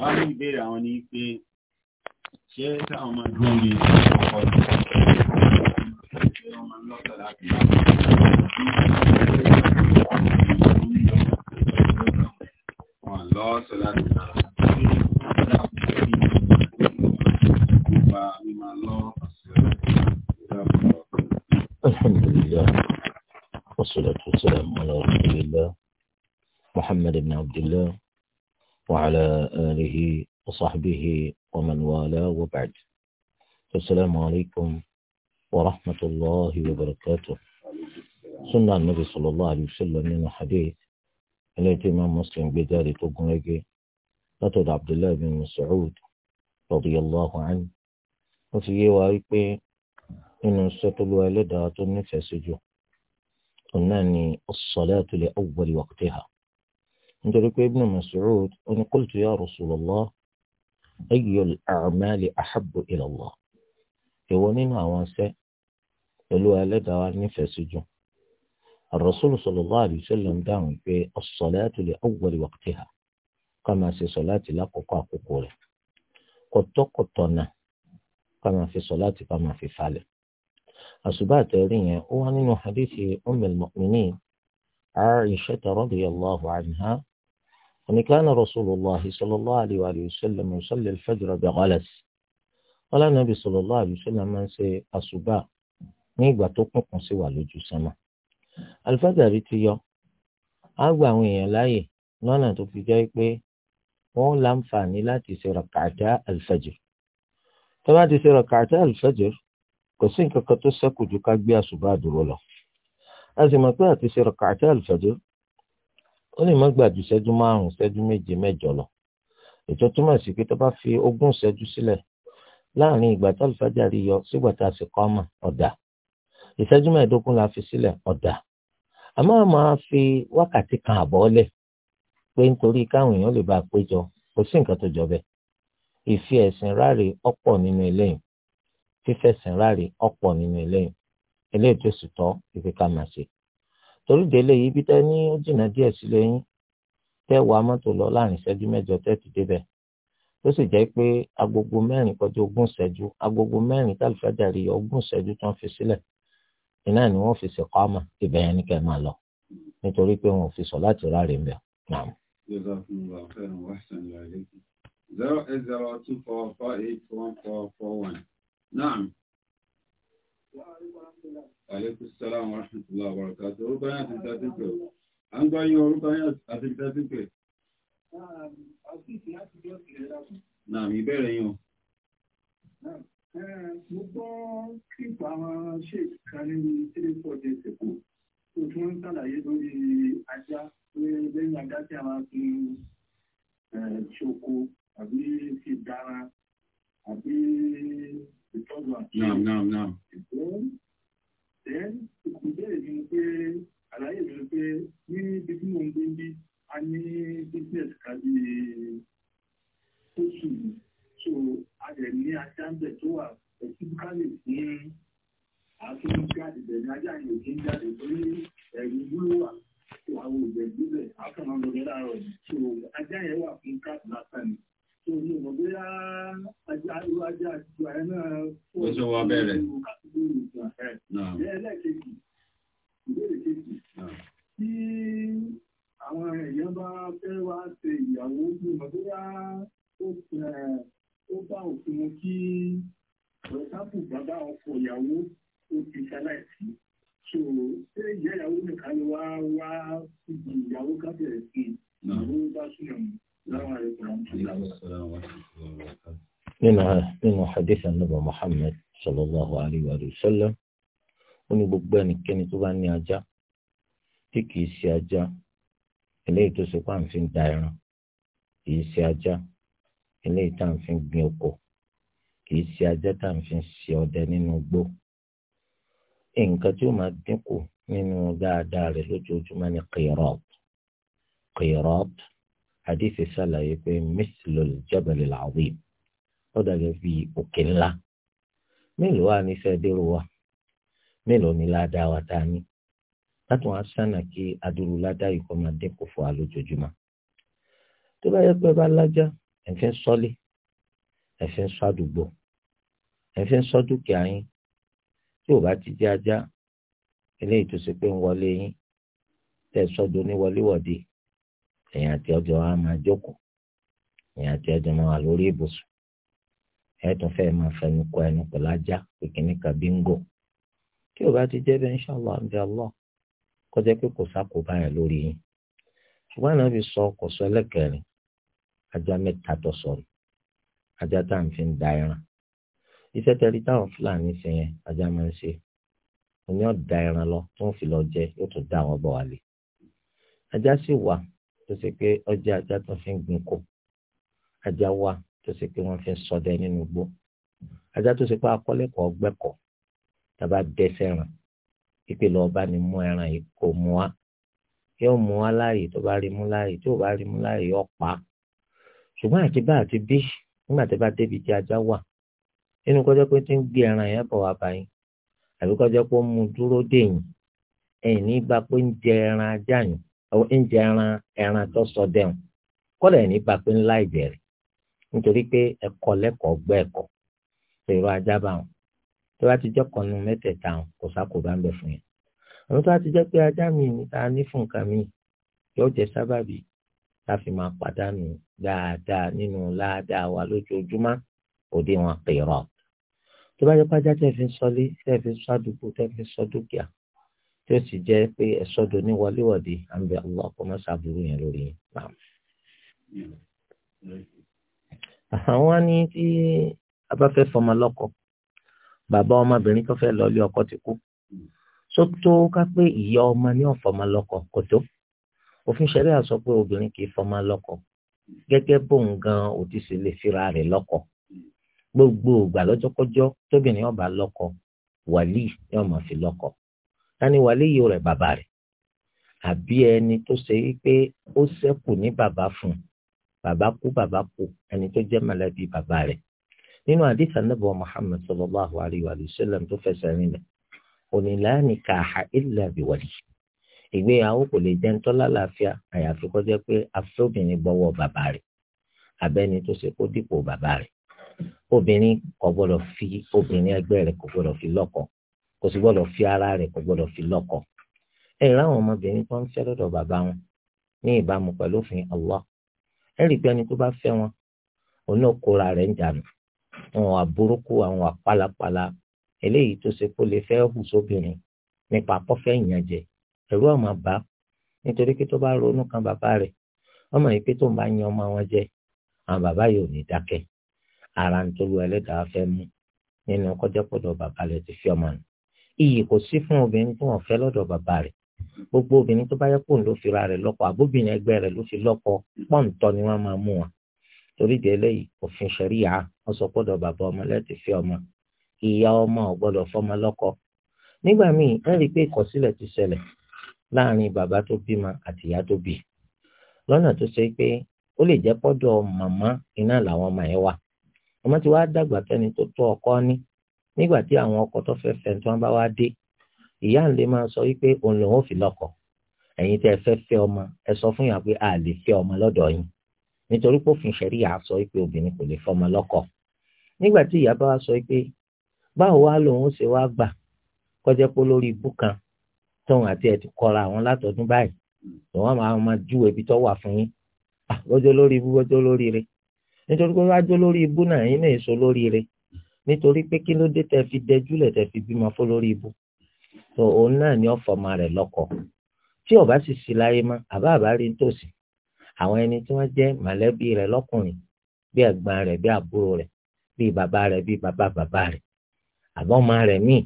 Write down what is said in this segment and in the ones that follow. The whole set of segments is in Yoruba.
wọ́n ní ìbéèrè àwọn ní pé ṣé táwọn ọmọ ẹgbẹ́ mi ọkọ̀ ṣé wọ́n máa ń lọ́sọ̀ láti wọ́n lọ́sọ̀ láti الحمد لله والصلاة والسلام على رسول محمد بن عبد الله وعلى آله وصحبه ومن والاه وبعد السلام عليكم ورحمة الله وبركاته سنة النبي صلى الله عليه وسلم من حديث التي من مسلم بذلك قنقي لتد عبد الله بن مسعود رضي الله عنه وفي يوائك إن سيد الوالدات نفسجه ونعني الصلاة لأول وقتها nítorí pé ibn Mas'ud ó ní qultu ya Rasulullah ayyul a'mali ahabbu ila Allah èwo nínú àwọn ṣẹ́ olúwa ẹlẹ́dàá wa nífẹ̀ẹ́ sí jù ar-Rasul sallallahu alayhi wa sallam dáhùn pé as-salatu li awwali waqtiha ká máa ṣe sọ̀láàtì lákòókò àkókò rẹ̀ kọ̀tọ́kọ̀tọ̀ náà ká máa fi sọ̀láàtì ká máa fi falẹ̀. àṣùbà àtẹ̀rí yẹn ó wá nínú hadithi ummul mu'minin Aisha radiyallahu anha أن كان رسول الله صلى الله عليه وآله وسلم يصلي الفجر بغلس قال النبي صلى الله عليه وسلم من سي أصبع نيبا تقنق سوى لجو سما الفجر تيو أغبى وين لاي lọ́nà tó fi jẹ́ pé wọ́n láǹfààní láti ṣe rọ̀kàtà alfajr tó bá ti ṣe rọ̀kàtà alfajr kò sí nǹkan kan tó ṣẹ́kù ju ká gbé àṣùbà dúró lọ a sì mọ̀ pé àti ṣe rọ̀kàtà alfajr ó lè má gbà ju ìṣẹ́jú márùn-ún ìṣẹ́jú méje mẹ́jọ lọ ètò túmọ̀ sí pé tó bá fi ogún ìṣẹ́jú sílẹ̀ láàrin ìgbà tó alùfájàrí yọ sígbà tá a sì kọ́ ọmọ ọ̀dà ìṣẹ́jú mẹ́ẹ̀ẹ́dógún la fi sílẹ̀ ọ̀dà àmọ́ a máa fi wákàtí kan àbọ̀ lẹ̀ pé nítorí káwọn èèyàn lè bá a péjọ kò sí nǹkan tó jọ bẹ́ẹ̀ ìfi ẹ̀sìn ráre ọ̀pọ̀ nínú eléyìí fífẹ̀sìn ráre ọ̀pọ̀ nínú eléyìí eléyìí tó sì tọ́ ìfi torí délé yìí bí tẹ́ ní ó jìnnà díẹ̀ sílé yín tẹ́ wàá mọ́tò lọ láàrin ìṣẹ́jú mẹ́jọ tẹ́ ti débẹ̀ tó sì jẹ́ pé agogo mẹ́rin kọjá ogún ìṣẹ́jú agogo mẹ́rin tálífàjàrí ogún ìṣẹ́jú tó ń fi sílẹ̀ iná ni wọ́n fi ṣe kọ́mà ibẹ̀ yẹn ni kẹ́ máa lọ nítorí pé wọn ò fi sọ láti ráre ń bẹ̀ náà. zero eight zero two four four eight one four four one naam. Àlékún sálàmù rahmatulah àbàràkàtà. Orúkọ yẹn àti ìdá sípè. À ń gbá yín orúkọ yẹn àti ìdá sípè. Náà mi bẹ̀rẹ̀ yín o. Mo gbọ́ kíkọ àwọn ṣèkì kan ní three four days ago. Tó tún ń ṣàlàyé lórí ajá lẹ́yìn ajá tí a máa fi eh, ṣoko àbí fi dára àbí. Naam, naam, naam. Then, ìbéèrè mi ni pé, àlàyé mi ni pé, ní ibi tí mo ń gbé bí, a ní business kábí oṣù so a lè ní ajá ń bẹ̀ tó wà specifically fún àtúnjáde bẹ̀rẹ̀ ajá yìí kí ń jáde torí ẹ̀rù wúlò wà tó àwọn òbẹ̀ gbígbẹ̀ akọ̀nà lọ́dẹ láàárọ̀ so ajá yẹn wà fún káàdì lásán ni tó ní ìmọ̀ bóyá ajá irú ajá àtijọ́ ẹ̀ náà fún ọ̀sẹ̀ wa bẹ̀rẹ̀ ẹlẹ́ẹ̀kejì ìbéèrè kejì tí àwọn èèyàn bá fẹ́ wá ṣe ìyàwó ní ìmọ̀ bóyá ó bá òfin mu kí ọ̀sáàpù bàbá ọkọ̀ ìyàwó ó ti ṣaláìsí so ṣé ìyá ìyàwó nìkan ló wá wá síbi ìyàwó ká bẹ̀rẹ̀ sí ìyàwó bá súnmọ́ منها من حديث النبي محمد صلى الله عليه وآله وسلم ó ní gbogbo ẹnikẹ́ni tó bá ní ajá tí kìí ṣe ajá eléyìí tó ṣe pá ń fi ń da ẹran kìí ṣe ajá eléyìí tá à ń fi ń gbin oko kìí ṣe ajá tá à ń fi ṣe ọdẹ nínú igbó nǹkan tí ó máa dínkù nínú dáadáa rẹ̀ lójoojúmọ́ ni kìrọ̀t kìrọ̀t hadithi ṣàlàyé pé mislul jabalil azim ó dàgẹ́ bí òkè ńlá mélòó wà ní sẹ́dẹ̀rù wa mélòó ni ládàá wa ta ní láti wọn sànà kí adúrú ládàá yìí kọ́ máa dínkù fún wa lójoojúmọ́ tó bá yẹ pé bá lájà ẹ̀fẹ́ ń sọ́lé ẹ̀fẹ́ ń ẹ̀fẹ́ ń sọ tí ò bá ti jẹ́ ajá eléyìí tó ṣe pé ń wọlé yín tẹ̀ sọ́dọ̀ ní wọléwọ̀de. ẹ̀yin àti ọjọ́ wa máa jókòó ẹ̀yin àti ọjọ́ máa wà lórí ibùsùn ẹ̀ fẹ́ máa fẹnu kọ ẹnu pẹ̀lú ajá pé bingo. kan bíngò bá ti jẹ́ bẹ́ẹ̀ inshallah àbí kó jẹ́ pé kò lórí yín ṣùgbọ́n sọ kò sọ ẹlẹ́kẹ̀rin ajá mẹ́ta tó sọ̀rọ̀ ajá ń ẹran iṣẹ́ táwọn fúlàní ṣe yẹn ajá máa ń ṣe ọ̀ da ẹran lọ tó fi lọ jẹ yóò tún dá ajá sì wà tó ṣe pé ọjà ajá tó fi ń gbìn kó ajá wa tó ṣe pé wọ́n fi ń ṣọdẹ nínú igbó ajá tó ṣe pé akọ́lẹ́kọ̀ọ́ gbẹ́kọ̀ tàbá dẹ́sẹ̀ ràn pípé lọ́ọ́ bá ní mú ẹran yìí kó mú wa yóò mú wa láàyè tó bá rí mú láàyè tí ò bá rí mú láàyè yóò pa á ṣùgbọ́n àti bá àti bí nígbà tí bá débi tí ajá wà nínú kọjá pé tí ń gbé ẹran yẹn bọ̀ wá báyìí àbí kọjá pé ó mú dúró dèyìn ẹ̀yìn ní pé ń jẹ ẹran ajá yìí àwọn oúnjẹ ẹran ẹran tó sọ dẹ́hùn kọ́lẹ̀ ẹ̀ ní bàpé ńlá ìbẹ̀rẹ̀ nítorí pé ẹ̀kọ́ lẹ́kọ̀ọ́ gbọ́ ẹ̀kọ́ èrò ajá bá wọn tó bá ti jẹ́ kọ́nu mẹ́tẹ̀ẹ̀ta wọn kò sákòbá ń bẹ fún yẹn àwọn tó bá ti jẹ́ pé ajá mi ta ní fún nǹkan mi yóò jẹ́ sábàbí tá a fi máa pàdánù dáadáa nínú ládàá wa lójoojúmọ́ òde wọn pèrọ̀ tó bá jẹ́ pé ajá tẹ́ fi ń sọlé tẹ́ fi ń sọ àdúgbò tẹ́ fi ń sọ dúkìá tí ó sì jẹ́ pé ẹ̀sọ́dọ̀ ní wọléwọ̀de à ń bẹ Allah kó má ṣàbùrù yẹn lórí yẹn. àwọn ní tí a bá fẹ́ fọmọ lọ́kọ bàbá ọmọbìnrin tó fẹ́ lọ ilé ọkọ ti kú só tó ká pé ìyá ọmọ ní ó fọmọ lọ́kọ kò tó òfin ṣẹlẹ̀ àsọ pé obìnrin kì í fọmọ lọ́kọ gẹ́gẹ́ bóun gan ò sì lè fira rẹ̀ lọ́kọ gbogbo ìgbà lọ́jọ́kọ́jọ́ tóbìnrin ọba lọ́kọ wàlíì yóò máa fi lọ́kọ tani wàlíyì rẹ̀ bàbá rẹ̀ àbí ẹni tó ṣe wípé ó ṣẹ́kù ní bàbá fún bàbá kú bàbá kú ẹni tó jẹ́ mọ̀lẹ́bí bàbá rẹ̀ nínú àdìsá nàbọ Muhammad sallallahu alayhi wa sallam tó fẹsẹ̀ rinlẹ̀ onílà nìkàhà illa bi wali ìgbéyàwó kò lè jẹ́ ń tọ́lá láàfíà àyàfi kó jẹ́ pé afẹ́obìnrin gbọ́wọ́ bàbá rẹ̀ abẹ́ni tó ṣe kó dípò bàbá rẹ̀ obìnrin kò gbọ́dọ̀ fi obìnrin ẹgbẹ́ rẹ̀ kò gbọ́dọ̀ fi lọ́kọ kò sì gbọ́dọ̀ fi ara rẹ̀ kò gbọ́dọ̀ fi lọ́kọ. ẹ rí àwọn ọmọbìnrin tó ń fẹ́ bàbá wọn ní ìbámu pẹ̀lú òfin Allah ẹ rí i pé ẹni tó bá fẹ́ wọn òun kóra rẹ̀ ń dànù àwọn àbúrúkú àwọn àpálapàla eléyìí tó ṣe kó lè fẹ́ hù sóbìnrin nípa pọ́fẹ́ ìyànjẹ ẹ̀rú ọmọ bá nítorí pé tó bá ronú kan bàbá rẹ̀ ọmọ yìí pé tó ń bá yan ọmọ wọn jẹ àwọn bàbá yìí ò ní dákẹ́ ara ń tó lu ẹlẹ́dàá fẹ́ mú nínú kọjá pọ̀dọ̀ bàbá rẹ̀ ti fi ọmọ nù iyì kò sí fún obìnrin tí wọ́n fẹ́ lọ́dọ̀ bàbá rẹ̀ gbogbo obìnrin tó bá yẹ kó ń lọ fira rẹ̀ lọ́kọ àbóbìnrin ẹgbẹ́ rẹ̀ ló fi lọ́kọ pọ́ǹtọ́ ni wọ́n máa mú wọn torí di eléyìí òfin ṣẹríya wọ́n sọ gbọ́dọ̀ bàbá ọmọ lẹti fi ọmọ ìyá ọmọ ò gbọ́dọ̀ fọmọ lọ́kọ nígbà míì ẹ rí i pé ìkọ̀sílẹ̀ ti ṣẹlẹ̀ láàrin bàbá tó bímọ àti ìyá tó bí lọ́nà tó ṣe pé ó lè jẹ́ pọ́dọ̀ màmá iná làwọn ọmọ ẹ̀ wà ọmọ tí wàá dàgbà tẹni tó tọ́ ọkọ ní nígbà tí àwọn ọkọ tó fẹ́ fẹ́ tí wọ́n bá wá dé ìyá ń lè máa sọ wípé òun lòun ò fi lọ́kọ ẹ̀yin tẹ́ ẹ fẹ́ fẹ́ ọmọ ẹ sọ fún yàn pé a lè fẹ́ ọmọ lọ́dọ̀ yín nítorí pé òfin ṣẹ̀ríyà sọ wípé obìnrin kò lè fọmọ lọ́kọ nígbà tí ìyá bá wá sọ wípé báwo wá lòun ṣe wá gbà kọjá pé lórí ibú kan tóun àti ẹ̀ ti kọra àwọn látọdún báyìí lọ́jọ́ ah, lórí ibú lọ́jọ́ lórí ire nítorí pé wájú lórí ibú náà yín náà èso lórí ire nítorí pé kí ló dé tẹ fi dẹjúlẹ̀ tẹ fi bímọ fún lórí ibu tó òun náà ni ọ̀fọ̀mọ rẹ̀ lọ́kọ tí ọba sì sí láyé mọ́ àbá àbá rí nítòsí àwọn ẹni tí wọ́n jẹ́ mọ̀lẹ́bí rẹ̀ lọ́kùnrin bí ẹ̀gbọ́n rẹ̀ bí àbúrò rẹ̀ bí bàbá rẹ̀ bí bàbá bàbá rẹ̀ àbọ̀ ọmọ rẹ̀ míì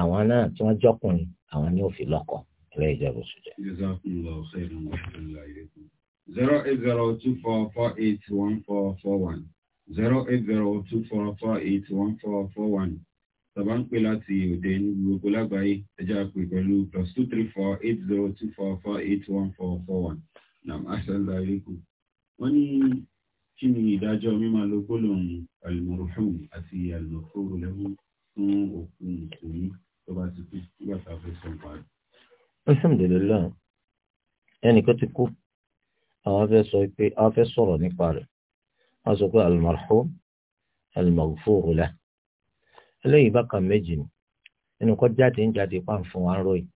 àwọn náà tí wọ́n jọkùnrin àwọn ni ó fi lọ́kọ ẹlẹ́ ìjẹ́bù sùjẹ́. zero eight zero two four four eight one four four one zero eight zero two four four eight one four four one tàbá ń pè láti òde ní gbogbo lágbàáyé ẹjọ́ àpè pẹ̀lú plus two three four eight zero two four four eight one four four one nam asala ireku wọ́n ní kí ni ìdájọ́ mímá lo gbólóhùn alimọ̀rọ̀hùn àti alimọ̀fóró lẹ́hùn fún òkú mùsùlùmí tó bá ti kú nígbà tá a fẹ́ sọ nípa alhamdulilayi ẹnì ti kú àwọn afẹ́ sọ pé a sọ̀rọ̀ nípa rẹ̀ wọ́n sọ pé almarhum almaghfuru lahu eléyìí bákan méjì ni nínú kọ́ jáde ń jáde pa ń fún wa ń ròyìn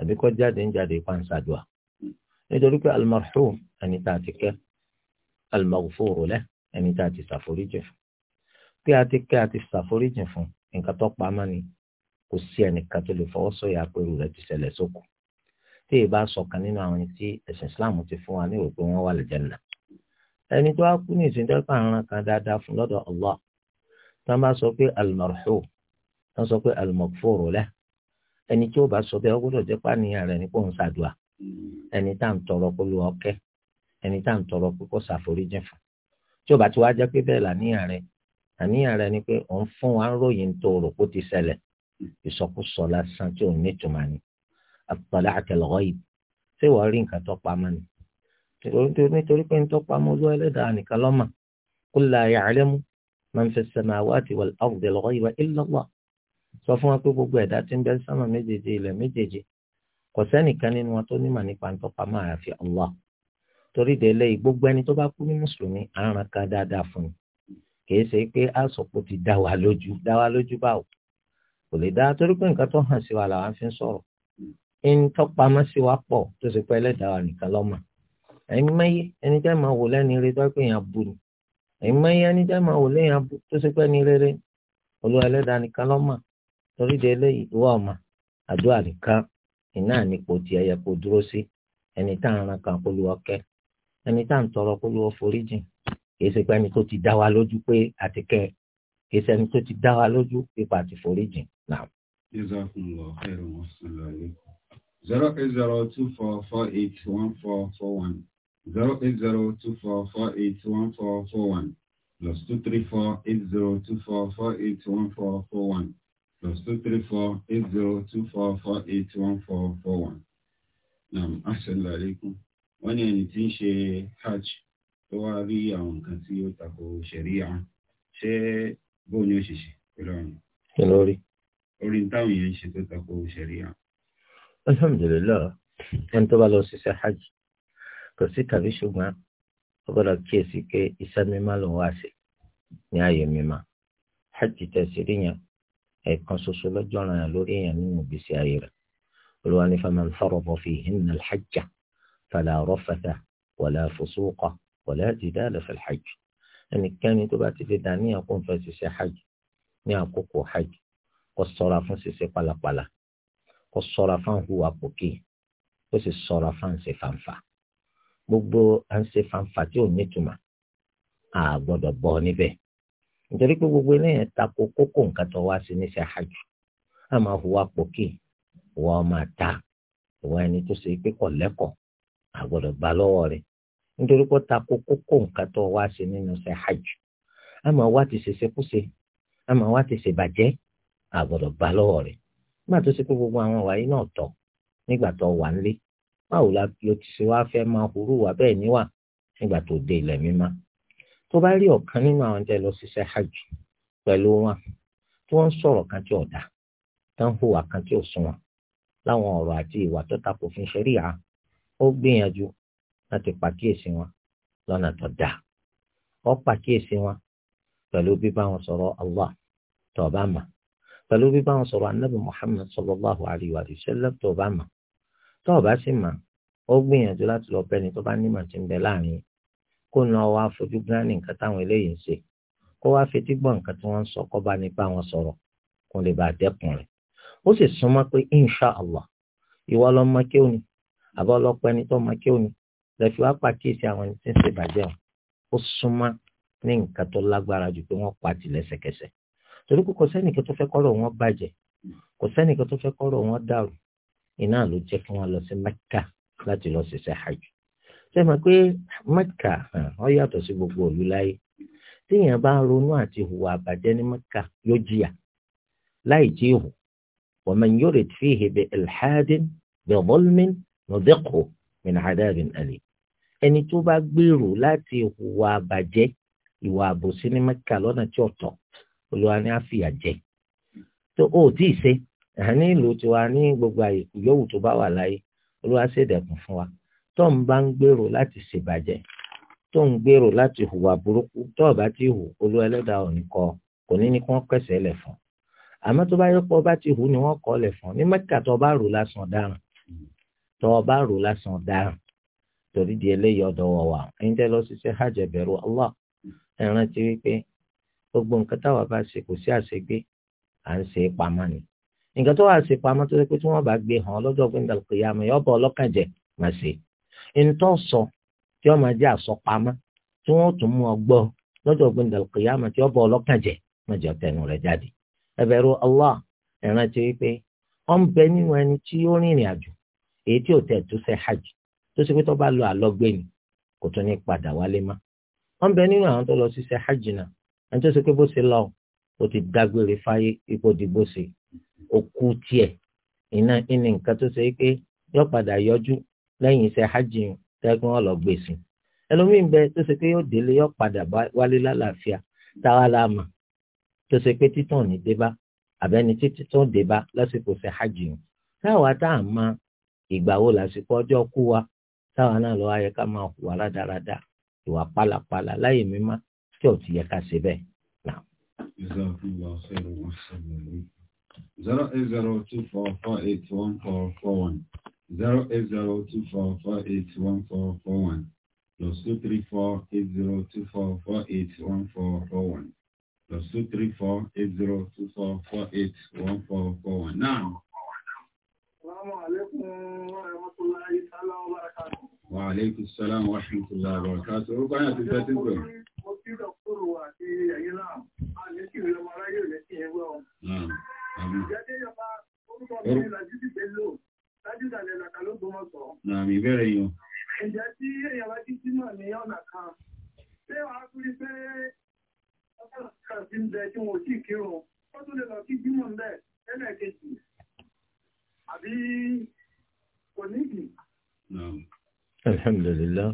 àbí kọ́ jáde ń jáde pa ń ṣàdùà nítorí pé almarhum ẹni tá a ti kẹ́ almaghfuru lahu ẹni tá a ti ṣàforíjì fún pé a ti kẹ́ a ti ṣàforíjì fún nǹkan tó pamọ́ ni kò sí ẹnìkan tó lè fọwọ́ pẹ̀lú rẹ̀ ti ṣẹlẹ̀ sóko tí ì bá sọ̀kan nínú àwọn tí ẹ̀sìn Islam ti fún wa ní òpin wọn wà lẹ́jẹ̀ náà ẹni tó á kú ní ìsìndọ́pọ̀ àrùn kan dáadáa fún lọ́dọ̀ Allah tó bá sọ pé al-marhum tó sọ pé al-maghfuru lẹ́ ẹni tí ó bá sọ bẹ́ẹ̀ ó gbọ́dọ̀ jẹ́ pàníyàn rẹ̀ nípò ń ṣàdùà ẹni tá à ń tọrọ pé lu ọkẹ́ ẹni tá à ń tọrọ pé kó ṣàforíjìn fún tí ó bá ti wá jẹ́ pé bẹ́ẹ̀ làníyàn rẹ̀ àníyàn rẹ̀ ni pé òun fún wa ń ròyìn tó rò kó ti ṣẹlẹ̀ ìsọkúsọ lásán tí ò ní tùmọ̀ ni àpàlà àtẹlọ́yìn ṣé wọ́n rí nǹkan tó pamọ́ ni nítorí pé nítorí pamọ́ olúwa ẹlẹ́dàá nìkan lọ́mà qul la ya'lamu man fi samawati wal ardi al-ghayba illa Allah sọ fún wa pé gbogbo ẹ̀dá tí ń bẹ sánmà méjèèjì ilẹ̀ méjèèjì kò sẹ́nìkan nínú wọn tó nímọ̀ nípa ntọ́pamọ́ àyàfi Allah torí délé gbogbo ẹni tó bá kú ní mùsùlùmí àrùn kan dáadáa fún un kìí ṣe pé àsopọ̀ ti dá wa lójú dá wa lójú báwo ẹ̀yin mẹ́yẹ ẹni tẹ́ máa wò lẹ́ni rẹ tó pé èèyàn bu ni ẹ̀yin mẹ́yẹ ẹni tẹ́ máa wò lẹ́yìn abu tó ṣe rere olúwa ẹlẹ́dàá nìkan lọ́mà torí de eléyìí ọ̀mà àdúrà nìkan iná nípò ẹ̀yẹ kò dúró sí ẹni tá à ń ran kan kó lu tó ti dá lójú pé kì tó ti dá wa zero eight zero two four four eight one four four one plus two three four eight zero two four four eight one four four one plus two three four eight zero two four four eight one four four one. Naam, Assalamu alaikum. Wọ́n ní ẹni tí ń ṣe hajj tó wá rí àwọn nǹkan tí ó tako ṣẹ̀ríà. Ṣé bóun ni ó ṣe ṣe pẹ̀lú àwọn? Ṣé lórí? Orí táwọn yẹn ń ṣe tó tako ṣẹ̀ríà. Alhamdulillah, ẹni tó bá lọ ṣiṣẹ́ hajj kò sí tàbí ṣùgbọ́n ó gbọ́dọ̀ kíyèsí pé iṣẹ́ mímá ló wá sí ní ààyè mímá hajj tẹ̀sí rí yẹn ẹ̀ẹ̀kan ṣoṣo lọ́jọ́ ọ̀ràn yẹn lórí èèyàn nínú ìgbésí ayé rẹ̀ olúwa ní faman farada fihinna al-hajja fala rafatha wala fusuqa wala jidala fil hajj ẹnikẹ́ni tó bá ti fi dá níyàn kó ṣiṣẹ́ hajj ní àkókò hajj kó ṣọ́ra fún ṣiṣẹ́ pálapàla kó ṣọ́ra fún àhùwà pòkì ó sì ṣọ́ra fún ṣe fàǹfà. gbogbo à ń ṣe fanfa tí ò nítumọ̀ a gbọ́dọ̀ bọ́ níbẹ̀ nítorí pé gbogbo eléyẹn tako kókó nǹkan tó wá sí níṣẹ́ hajj a máa hùwà pòkì hùwà ọmọ àta hùwà ẹni tó ṣe pé kò lẹ́kọ̀ọ́ a gbọ́dọ̀ bá lọ́wọ́ rẹ̀ nítorí pé tako kókó nǹkan tó wá sí nínú ṣe hajj a máa wá ti ṣe ṣekúṣe a máa wá ti ṣe bàjẹ́ a gbọ́dọ̀ bá lọ́wọ́ rẹ̀ nígbà tó ṣe pé gbogbo àwọn wàyí náà tọ́ nígbà tó wà nílé báwo la ló ti ṣe wáá fẹ́ máa hurú wà bẹ́ẹ̀ níwà nígbà tó dé ilẹ̀ mímá tó bá rí ọ̀kan nínú àwọn tẹ́ lọ ṣiṣẹ́ hajj pẹ̀lú wọn tí wọ́n ń sọ̀rọ̀ kan tí ò dá tó ń hùwà kan tí ò sunwọ̀n láwọn ọ̀rọ̀ àti ìwà tó takò fún ṣẹ̀ríà ó gbìyànjú láti pàkíyèsí wọn lọ́nà tó dáa ó pàkíyèsí wọn pẹ̀lú bíbá wọn sọ̀rọ̀ Allah tó bá mà pẹ̀lú bíbá wọn sọ̀rọ̀ Ànábì Muhammad sallallahu alayhi wa sallam tó bá mà tó o bá sì mà ó gbìyànjú láti lọ bẹni tó bá nímọ̀ tí ń bẹ láàrin kó náà wá fojú gíráàní nǹkan táwọn eléyìí ń ṣe kó wá fetí gbọ́ nǹkan tí wọ́n ń sọ kó bá ní bá wọn sọ̀rọ̀ kó lè bá dẹ́kun rẹ̀ ó sì súnmọ́ pé insha allah ìwọ lọ́mọ kí òní àbọ̀ ọlọ́pẹ́ ẹni tó mọ kí òní lẹ́fi wá pàkíyèsí àwọn ẹni tí ń ṣe bàjẹ́ wọn ó súnmọ́ ní nǹkan tó lágbára jù pé wọ́n pa tì lẹ́sẹ̀kẹsẹ̀ torí kò sẹ́nìkan tó fẹ́ kọ́rọ̀ wọn bàjẹ́ kò sẹ́nìkan tó fẹ́ kọ́rọ̀ wọn dàrú iná ló jẹ́ kí wọ́n lọ sí mẹ́kà láti lọ ṣiṣẹ́ hajj ṣe mọ̀ pé mẹ́kà ó yàtọ̀ sí gbogbo òlu láyé téèyàn bá ń ronú àti hùwà àbàjẹ́ ní mẹ́kà yóò jìyà láì tí ì hù wa man yurid fihi bi ilhadin bi zulmin nudhiqhu min adhabin ẹni tó bá gbèrò láti hùwà àbàjẹ́ ìwà àbòsí ní mẹ́kà lọ́nà tí ọ̀tọ̀ olúwa ni á fìyà jẹ tó o tí ì ṣe ní ìlú tiwa ní gbogbo àyè yòówù tó bá wà láyé olúwa ṣèdẹ̀kùn fún wa tó ń bá ń gbèrò láti ṣèbàjẹ́ tó ń gbèrò láti hùwà burúkú tó ọ̀bá ti hù olúwa ẹlẹ́dàá òní kọ kò ní ní kí wọ́n kẹsẹ̀ lẹ̀ fún àmọ́ tó bá yẹ pé ọba ti hù ni wọ́n kọ́ lẹ̀ fún ní mẹ́kà tó bá rò lásán dáràn tó bá rò lásán dáràn torí di eléyìí ọ̀dọ̀ wọ̀ wà ẹni tẹ́ lọ ṣiṣẹ́ hajj bẹ̀rù Allah ẹ rántí wípé gbogbo nǹkan táwa bá ṣe kò sí àṣegbé à ń ṣe é pamọ́ ni nǹkan tó wà sí pamọ́ tó ṣe pé tí wọ́n bá gbé hàn lọ́jọ́ gbẹ̀ngàn yọ ọlọ́kàn mà i ntọ́ sọ tí wọ́n máa jẹ́ àsọpamọ́ tí wọ́n tún mú ọ gbọ́ lọ́jọ́ gbẹ̀ngàn kìyàmù tí wọ́n bọ̀ ọlọ́kàn jẹ mà jẹ́ ọ̀tẹnu rẹ̀ jáde ẹ bẹ̀rù Allah ẹ̀rántí wípé ọ ń bẹ nínú ẹni tí ó èyí tí ò tẹ̀ tó hajj tó ṣe bá òkú tiẹ̀ iná ìní nǹkan tó ṣe pé yóò padà yọjú lẹ́yìn iṣẹ́ hajj tẹ́gbọ́n ọ̀lọ́ gbèsè ẹlòmíín bẹ tó ṣe pé yóò délé yóò padà wálé lálàáfíà táwa la mà tó ṣe pé títàn ní débá àbẹ́ni títí tó débá lásìkò ṣe hajj táwa tá à máa ìgbà wo lásìkò ọjọ́ wa táwa náà lọ́wọ́ ayẹ ká máa hùwà ìwà pálapàla láyè mímá tí ò ti yẹ 08024481441 08024481441 plus 2348024481441 plus 2348024481441 now. Wa alaikum salam wa rahmatullahi wa barakatuh. Orúkọ yẹn ti fẹ́ tí ń pẹ̀lú. Mo kí dọ̀kúrò àti ẹ̀yìn náà, a lè kí ìrẹ́mọ aráyé rẹ̀ sí ẹgbẹ́ ọ̀. Nàmì ìbẹ̀rẹ̀ yìí. Ǹjẹ́ tí èèyàn bá kí símọ̀ ní ọ̀nà kan, ṣé wàá tún rí pé ọjọ́ kan sí ń bẹ tí wọn ò tí kírun, ó tún lè lọ kí símọ̀ ń bẹ̀ lẹ́lẹ́kejì. Àbí kò nídìí. Alhamdulillah,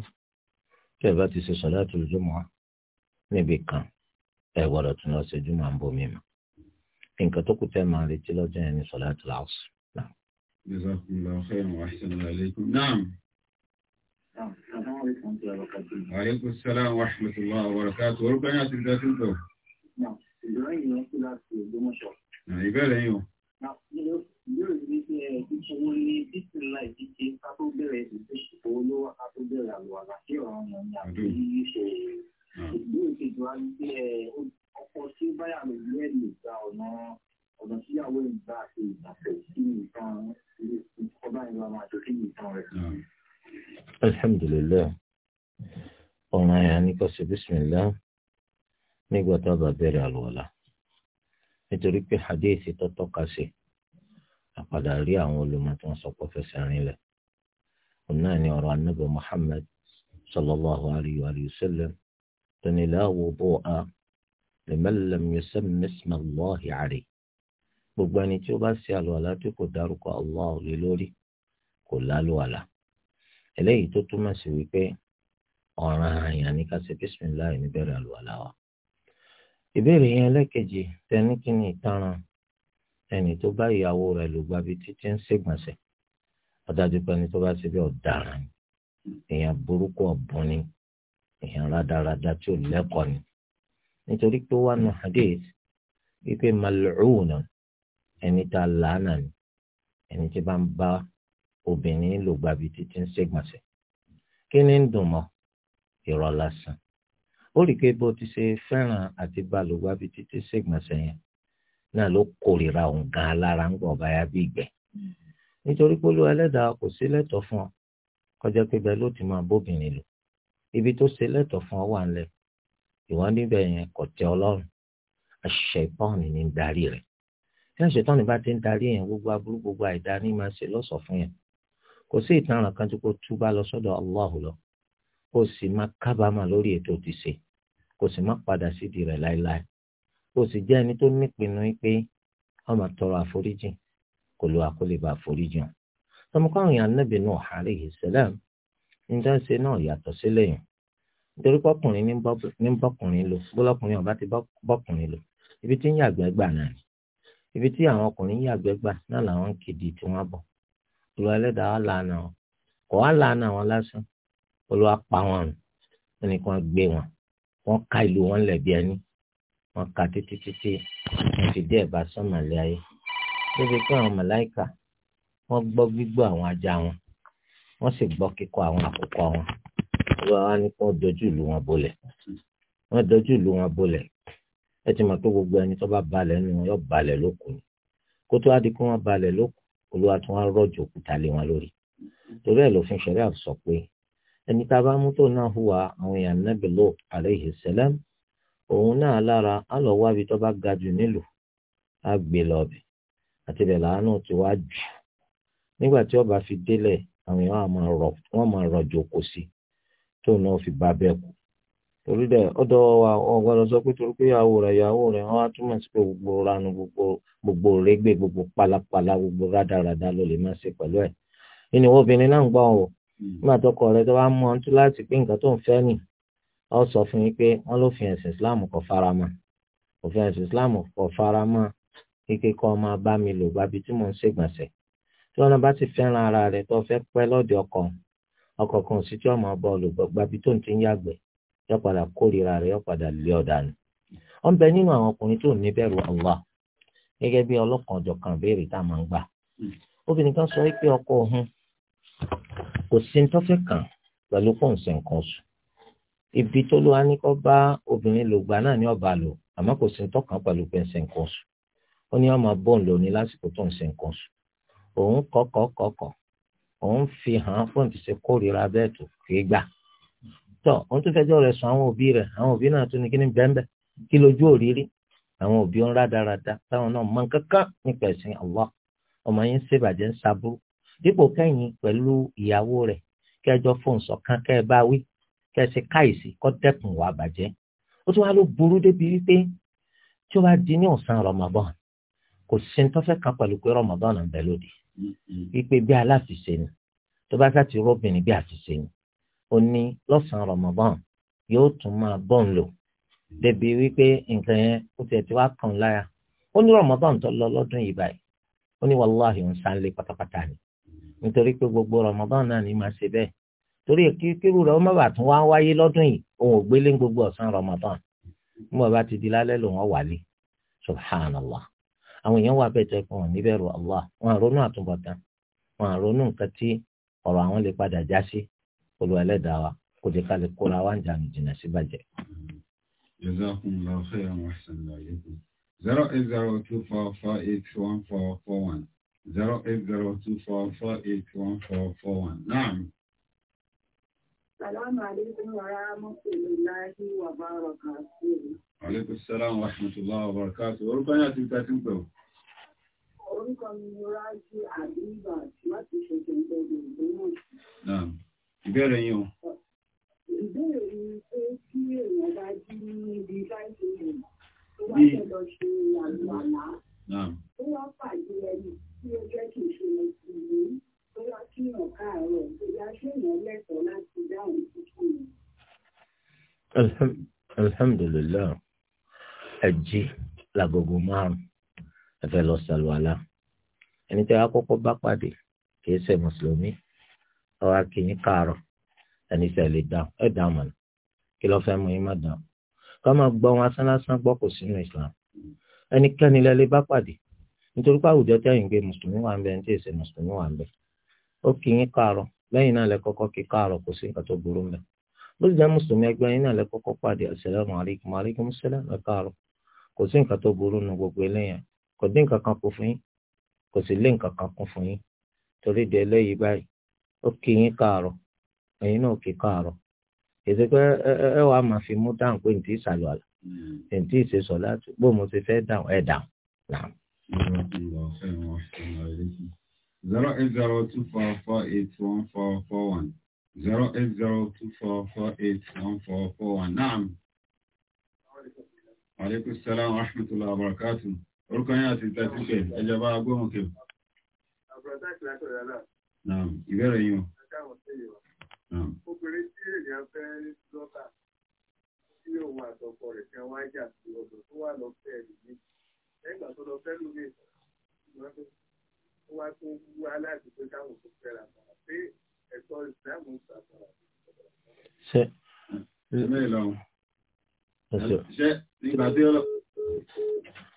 tí ẹ bá ti ṣe sọ̀dá tó lójúmọ́ níbi kan, ẹ gbọ́dọ̀ tún lọ ṣe júmọ̀ ń bomi mọ́ nǹkan tó kù tẹ́ máa retí lọ́jọ́ yẹn ní sọ̀láàtì láwùsù. Àlékún sálàm wa rahmatulah wa barakatuh. Orúkọ yín àti ìdá tí ń tọ̀. Ìbéèrè yín kí láti Ògbómọ̀ṣọ́. Ìbéèrè yín o. Yóò ní kí ẹ ìṣòwò ní títí láì jíjẹ ká tó bẹ̀rẹ̀ ìṣòwò ló wá ká tó bẹ̀rẹ̀ àlọ́ àlàáfíà ọ̀rọ̀ ọ̀nà ní àbí ìṣòwò. Ìgbóhùn kejì wá ní kí ẹ ọkọ̀ tí báyà lè ní ẹ̀dùn ìgbà ọ̀nà ọ̀nà tíyàwó ìgbà àti ìgbàfẹ́ sí nǹkan ọba ìlú àwọn àjòkí nìkan rẹ̀. alhamdulilayi ọ̀ràn ẹ̀yà ní kọ́sì bísímìlá nígbà tó bá bẹ̀rẹ̀ àlùwàlà nítorí pé hadithi tó tọ́ka sí àpàdà rí àwọn olùmọ̀ tó ń sọpọ̀ fẹsẹ̀ rinlẹ̀ òun náà ni ọ̀rọ̀ anábì muhammad sallallahu alayhi wa sallam tó ní la wudu'a liman lam yusammi isma Allahi alayhi gbogbo ẹni tí ó bá ṣe àlùwàlá tí kò dárúkọ Allah lé lórí kò lálùwàlá eléyìí tó túmọ̀ sí wípé ọ̀ràn àyàn ní ká ṣe bísímìláì níbẹ̀rẹ̀ àlùwàlá wa. ìbéèrè yẹn ẹlẹ́kejì tẹni kí ni ìtaràn ẹni tó bá ìyàwó rẹ̀ lò gba bí títí ń ṣègbọ̀nsẹ̀ ọ̀dájú pé ẹni tó bá ṣe bí ọ̀daràn èèyàn burúkú ọ̀bùn ni èèyàn rádaràda tí ò lẹ́kọ̀ọ́ ni nítorí pé wà nù hmm. hadith wípé mal'una ẹni tá a làánà ni ẹni tí bá ń bá obìnrin lò gbàbí títí ń ṣègbọ̀nsẹ̀ kí ni ń dùn mọ́ irọ́ lásán ó rí i pé bó ti ṣe fẹ́ràn àti balùwà bíi títí ṣègbọ̀nsẹ̀ yẹn náà ló kórìíra òun gan alára ń gbọ̀ báyà bí ìgbẹ́ nítorí pé olúwa ẹlẹ́dàá kò sí lẹ́tọ̀ọ́ fún ọ kọjá pé bẹ́ẹ̀ ló ti máa bóbìnrin lò ibi tó ṣe lẹ́tọ̀ọ́ fún ọ wà ńlẹ̀ ìwọ níbẹ̀ yẹn kò tẹ ọlọ́run àṣetán ní ń darí rẹ̀ tí àṣetán ní bá ti ń darí yẹn gbogbo aburú gbogbo àìdá ní máa ṣe lọ́sọ̀ fún yẹn kò sí ìtanràn kan tó kó túbá lọ sọ́dọ̀ Allahu lọ kó sì má kábàámà lórí ètò ti ṣe kó sì má padà sídìí rẹ̀ láéláé kó sì jẹ́ ẹni tó nípinnu pé ọmọ tọrọ àforíjì kò lo àkólébà àforíjì hàn tọmọkọ àwọn torí pọ́kùnrin ní bọkùnrin lò bọ́lọ́kùnrin ọba ti bọkùnrin lò ibi tí ń yàgbẹ́ gbà náà ni ibi tí àwọn ọkùnrin ń yàgbẹ́ gbà náà làwọn kìdì tí wọ́n bọ̀ olùwà ẹlẹ́dàá wà lànà wọn kò wá lànà wọn lásán olùwà pa wọn rùn wọn ni kò gbé wọn wọ́n ka ìlú wọn lẹ̀bi ẹni Wọn ka títí títí wọ́n fi dé ẹ̀bá sọ́màlẹ́ ayé débi pé àwọn màláìkà wọ́n gbọ́ gbígbó àwọn ajá wọn wọ́n sì gbọ́ kíkọ́ àwọn àkùkọ wọn. wàá ní kí wọ́n dojú ìlú wọn bolẹ̀ wọ́n dojú ìlú wọn bolẹ̀ ẹ ti mọ̀ pé gbogbo ẹni tó bá balẹ̀ nínú yóò balẹ̀ lókun kó tó wá di kí wọ́n balẹ̀ lókun olúwa tí wọ́n rọ̀jò òkúta lé wọn lórí torí ẹ̀ lòfin ṣẹ̀rí àsọ pé ẹni tá a bá mú tó náà hùwà àwọn èèyàn nẹ́bí lò alayhi salam òun náà lára á lọ wábi tó bá ga jù nílùú á gbé lọ àti bẹ̀ làánú ti wá jù nígbà tí ọba fi délẹ̀ àwọn èèyàn wọn máa rọ̀jò kò sí tóun náà fi bá bẹ́ẹ̀ kú torí dẹ ọ̀dọ̀ wa ọgbọ́dọ̀ sọ pé torí pé ìyàwó rẹ ìyàwó rẹ wọn á túmọ̀ sí pé gbogbo ranu gbogbo gbogbo rẹgbẹ gbogbo palapala gbogbo rádaràda ló lè má ṣe pẹ̀lú ẹ nínú obìnrin náà ń gbọ́ ọ hmm. nígbà tó kọ rẹ tó bá mú ọtún láti pé nǹkan tó ń fẹ́ nì ọ sọ fún yín pé wọn ló fi ẹ̀sìn islam kò fara mọ́ òfin ẹ̀sìn islam kò fara kíkẹ kọ máa bá mi lò bábi tí mò ń ṣègbọ̀nsẹ̀ tí wọn bá ti fẹ́ràn ara rẹ tó fẹ pẹ lọ́dọ̀ ọkọ ọkọ̀ kan sí tí ọmọ bọ́ọ̀lù gbàbí tó ń ti ń yàgbẹ́ yọ padà kórìíra rẹ̀ yọ padà lé ó ń bẹ nínú àwọn ọkùnrin tó ní bẹ̀rù Allah gẹ́gẹ́ bí ọlọ́kan kan béèrè tá a máa ń gbà. obìnrin kan sọ pé ọkọ òun kò sí tọ́fẹ́ kan pẹ̀lú pọ̀nsẹ̀ nǹkan ibi tó ló obìnrin lò gbà náà ní ọ̀bà lò àmọ́ kò sí pẹ̀lú pẹ̀nsẹ̀ nǹkan ó ní ọmọ lò ní lásìkò tó ń òun fi hàn fún ìtìsẹ́ kórìíra bẹ́ẹ̀ tó kì í gbà tọ òun tún fẹjọ́ rẹ̀ sùn àwọn òbí rẹ̀ àwọn òbí náà tún ní kí ní bẹ́ẹ̀nbẹ́ kí lójú òrírí àwọn òbí ń rádaràda táwọn náà mọ kankan nípa ẹ̀sìn Allah ọmọ yín ṣèbàjẹ́ ń ṣaburú dípò kẹ́yìn pẹ̀lú ìyàwó rẹ̀ kẹjọ fóun sọ̀kan kẹ́ ẹ bá wí kẹ́ ẹ ṣe káyìsí kọ́ dẹ́kun wà bàjẹ́ ó tún wá ló burú débi wípé tí ó bá di ní ọ̀sán Ramadan kò sí ní tọ́fẹ́ kan pẹ̀lú pé Ramadan náà bẹ̀ lóde wípé bí aláṣìṣe ni tó bá sáti róbìnrin bí àṣìṣe ni ó ní lọ́sàn-án Ramadan yóò tún máa bọ́ǹ lò débi wípé nǹkan yẹn ó tiẹ̀ ti wá kàn lára ó ní Ramadan tó lọ lọ́dún yìí báyìí ó ní wàláhì ń sálé pátápátá ni nítorí pé gbogbo Ramadan náà ni máa ṣe bẹ́ẹ̀ torí kíkírù rẹ̀ ó má bàa tún wá wáyé lọ́dún yìí òun ò gbélé gbogbo ọ̀sán Ramadan nígbà bá ti di lálẹ́ lòun ọ̀ wálé subhanallah àwọn èèyàn wà bẹ́ẹ̀ tó ẹ̀kọ́ wọn níbẹ̀rù Allah wọn àrònú àtúbọ̀tán wọn àrònú nǹkan tí ọ̀rọ̀ àwọn lè padà já sí Olúwa ẹlẹ́dàá wa kò jẹ́ ká lè kóra wá ń jà ní jìnnà sí bàjẹ́. Jazakumullahu khairan wa ahsanallahu ilaykum. zero eight zero two four four eight one four four one zero eight zero two four four eight one four four one. Naam. Salaamu alaykum wa rahmatulahi wa barakatuh. Aleykum salaam wa rahmatulahi wa barakatuh. Orúkọ yẹn àti ìta ti ń pẹ̀lú orúkọ mi ni rájí àdúgbà láti ṣẹ̀ṣẹ̀ ìbẹ̀rẹ̀ ìgbóhùn. ìbéèrè yín o. ìbéèrè ni pé kí èèyàn bá jí níbi láìsí rẹ̀ tó bá fẹ́ lọ ṣe àlù àlá tó wá pàdé ẹni tí ó jẹ́ kí ṣe ìlú tó wá kí hàn káàárọ̀ ìyá ṣe èèyàn lẹ́tọ̀ọ́ láti dáhùn tuntun yìí. alhamdulilayi ẹjí lágogo márùn-ún ẹ fẹ́ lọ sàlùwàlà ẹni tẹ́ akọ́kọ́ bá pàdé kìí ṣe mùsùlùmí ọwọ́ akínyí káàárọ̀ ẹni tẹ́ lè dáhùn ẹ dáhùn mọ̀nà kí lọ́ọ́ fẹ́ mú yín má dáhùn ká máa gbọ́ wọn asán lásán gbọ́ kò sínú Islam ẹnikẹ́ni lẹ́lẹ́ bá pàdé nítorí pé àwùjọ tẹ́yìn gbé mùsùlùmí wà ń bẹ ẹni tí èsè mùsùlùmí wà ń bẹ ó kínyí káàárọ̀ lẹ́yìn náà lẹ kọ́kọ́ kí káàárọ̀ kò sí nǹkan tó burú mẹ́ bó sì jẹ́ mùsùlùmí ẹgbẹ́ yín náà lẹ kọ́kọ́ pàdé assalamu alaikum alaikum salam ẹ kò sí nǹkan tó burú nu gbogbo eléyàn kò dín nǹkan kan kù fún yín kò sì lé nǹkan kan kún fún yín torí di eléyìí báyìí ó kí yín káàárọ̀ ẹ̀yin náà kí káàárọ̀ èsì pé ẹ wàá máa fi mú dáhùn pé ntí ìsàlù àlà hmm. ntí ìsèso láti bó mo ti fẹ́ dáhùn ẹ̀ dáhùn náà. zero eight zero two four four eight one four four one zero eight zero two four four eight one four four one naam. aleykum salaam wa rahmatulah wa barakatuh orúkọ yẹn àti ìtàsíkẹ̀ ẹjọba agbóhùnkè. ìbéèrè yín o. obìnrin tí èèyàn fẹ́ nígbà tí ó lọ.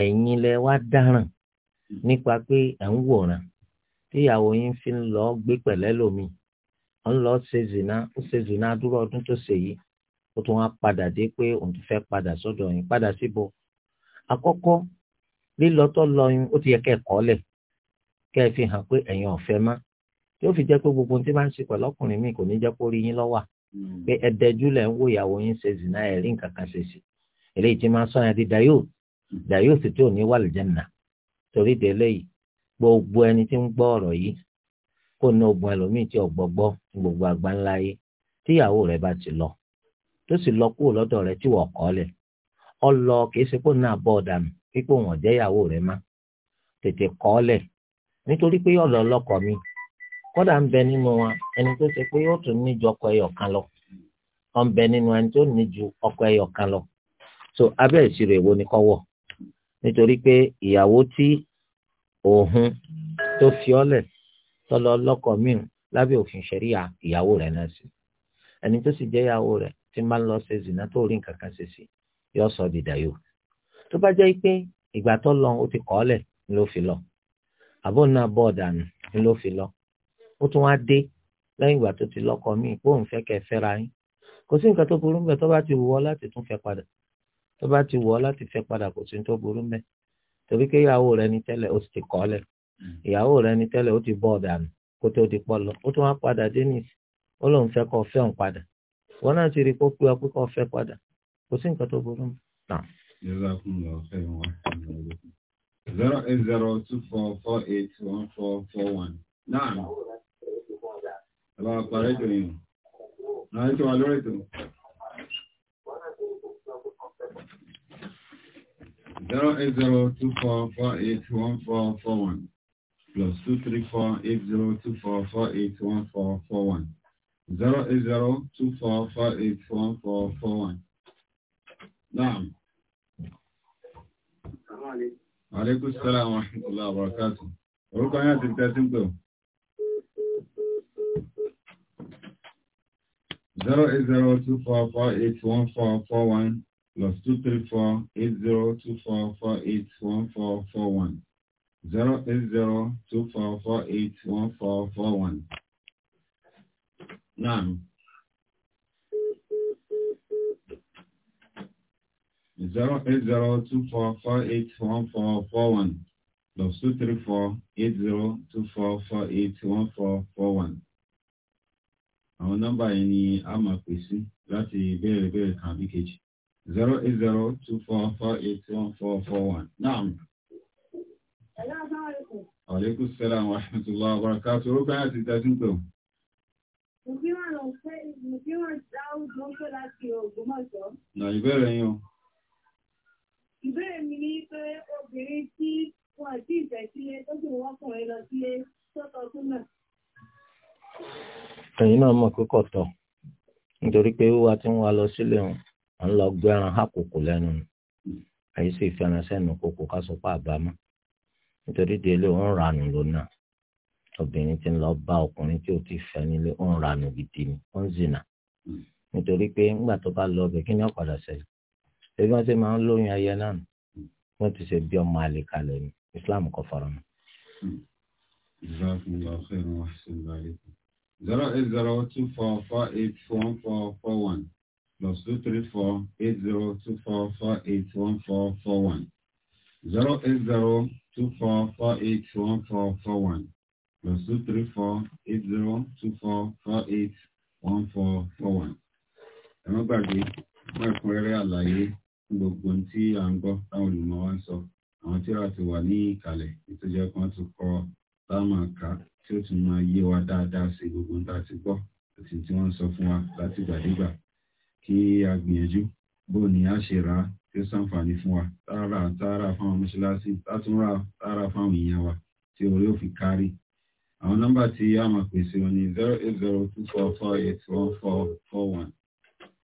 ẹ̀yin lẹ wá dáràn nípa pé ẹ̀ ń wòran tíyàwó yín fi ń lọ gbé pẹ̀lẹ́ lómi ó ń lọ ṣe zina ó ṣe zina dúró ọdún tó ṣe yìí ó tún wá padà dé pé òun ti fẹ́ padà sọ́dọ̀ yín padà síbo àkọ́kọ́ lílọ tó lọ yín ó ti yẹ kẹ́ kọ́ lẹ̀ fi hàn pé ẹ̀yin ọ̀fẹ́ má yóò fi jẹ́ pé gbogbo ohun tí bá ń ṣe hmm. pé ẹ̀ẹ́dẹ́jú dàyò sì tó ní wàlì torí délé gbogbo ẹni tí ń gbọ́ ọ̀rọ̀ yìí kó ní ogun ẹlòmíì tí gbogbo àgbáńlá yìí tíyàwó rẹ̀ bá ti lọ tó sì lọ kúrò lọ́dọ̀ rẹ̀ tí wọ́n kọ́ lẹ̀ ọ lọ kìí ṣe kó náà bọ́ ọ̀dànù pípò wọ́n jẹ́ ìyàwó rẹ̀ má tètè kọ́ lẹ̀ nítorí pé ọ̀lọ́ mi kódà ń bẹ nínú wa ẹni tó ṣe pé tún lọ ń bẹ nínú ẹni tó lọ so abẹ́ ìṣirò èwo ni nítorí pé ìyàwó tí òun tó fi ọ́lẹ̀ tọ́lọ ọlọ́kọ míì lábẹ́ òfin ṣẹ̀ríà ìyàwó rẹ̀ náà sí ẹni tó sì jẹ́ ìyàwó rẹ̀ tí máa ń lọ ṣe zìnà tó rí nǹkan kan ṣe sí yóò sọ dìdà yòó tó bá jẹ́ pé ìgbà tó lọ ó ti kọ́ ọ́lẹ̀ ni ló fi lọ àbó náà bọ́ ọ̀dànù ni ló fi lọ ó tún wá dé lẹ́yìn ìgbà tó ti lọ́kọ míì pé òun fẹ́ kẹ́ fẹ́ra yín kò sí nǹkan tó burú níbẹ̀ tó bá ti wù ọ́ láti tún fẹ́ padà tó bá ti wọ̀ ọ́ láti fẹ́ padà kò sí tó burú mẹ́ torí pé ìyàwó rẹ ní tẹ́lẹ̀ ó ti kọ́ lẹ̀ hmm. ìyàwó rẹ ní tẹ́lẹ̀ ó ti bọ́ ọ̀dànù kó tó di pọ́ lọ ó tún wá padà dennis ó lóun fẹ́ kọ́ fẹ́ òun padà wọn náà ti rí kó pé ọpẹ́ kọ́ fẹ́ padà kò sí nǹkan tó burú mẹ́. zero eight zero two four four eight one four four one nine. Ẹ bá wa parí ètò yìí. Náà ètò Zero zero eight eight two four four four four one one plus two two two three four four four four four four four four eight eight eight eight zero zero zero one one one 2348024481441 08024481441 Naam. Aleykum salaam wa rahmatullahi wa barakatuh. Orúkọ yẹn ti tẹ́ sí one four four one plus two three four eight zero two four four eight one four four one zero eight zero two four four eight one four four one. Naam. Zero eight zero two four four eight one four four one plus two three four eight zero two four four eight one four four one. Àwọn nọ́mbà yìí ni a máa pèsè láti béèrè béèrè kan bí kejì zero eight zero two four four eight one four four one. Naam. Aleykum salaam wa rahmatullahi wa barakatuh. Orúkọ yẹn ti dájú ń pè ọ́. Mùsùlùmí lọ fẹ́ Mùsùlùmí Dáúd Mọ́tò láti Ògbómọ̀ṣọ́. Nà ìbéèrè yín o. Ìbéèrè mi ni pé obìnrin tí wọn ti ìfẹ́ sílé tó sì wọ́kùnrin lọ sílé sọ́tọ̀ tún náà. Ẹ̀yin náà mọ̀ pé kò nítorí pé wíwá tí ń wá lọ sílé òun à ń lọ gbẹ́ran hákòkò lẹ́nu ni àyè sì fẹránṣẹ́ nù kókò ká sọ pé àbámọ́ nítorí délé ó ń ranù lónà obìnrin ti ń lọ bá ọkùnrin tí ò ti fẹ́ nílé ó ń ranù gidi ni ó ń zìnà nítorí pé ńgbà tó bá lọ ọbẹ̀ kí ni ó padà ṣẹlẹ̀ ebi wọn ti máa ń lóyún ẹyẹ náà wọn ti ṣe bí ọmọ àlè ni Islam kò fara mọ́. zero eight zero two four four eight four four four one. plus two three four eight zero two four four eight one four four one zero eight zero two four four eight one four four one plus two three four eight zero two four four eight one four four one. ẹ má gbàgbé fún gbogbo ohun a kí a gbìyànjú bó ni a ṣe rà á tí ó ṣàǹfààní fún wa tààrà tààrà fáwọn mọ́ṣáláṣí tààtúnrà tààrà fáwọn èèyàn wa tí orí ò kárí àwọn nọ́mbà tí a máa pèsè wọn ni zero eight zero two four four eight one four four one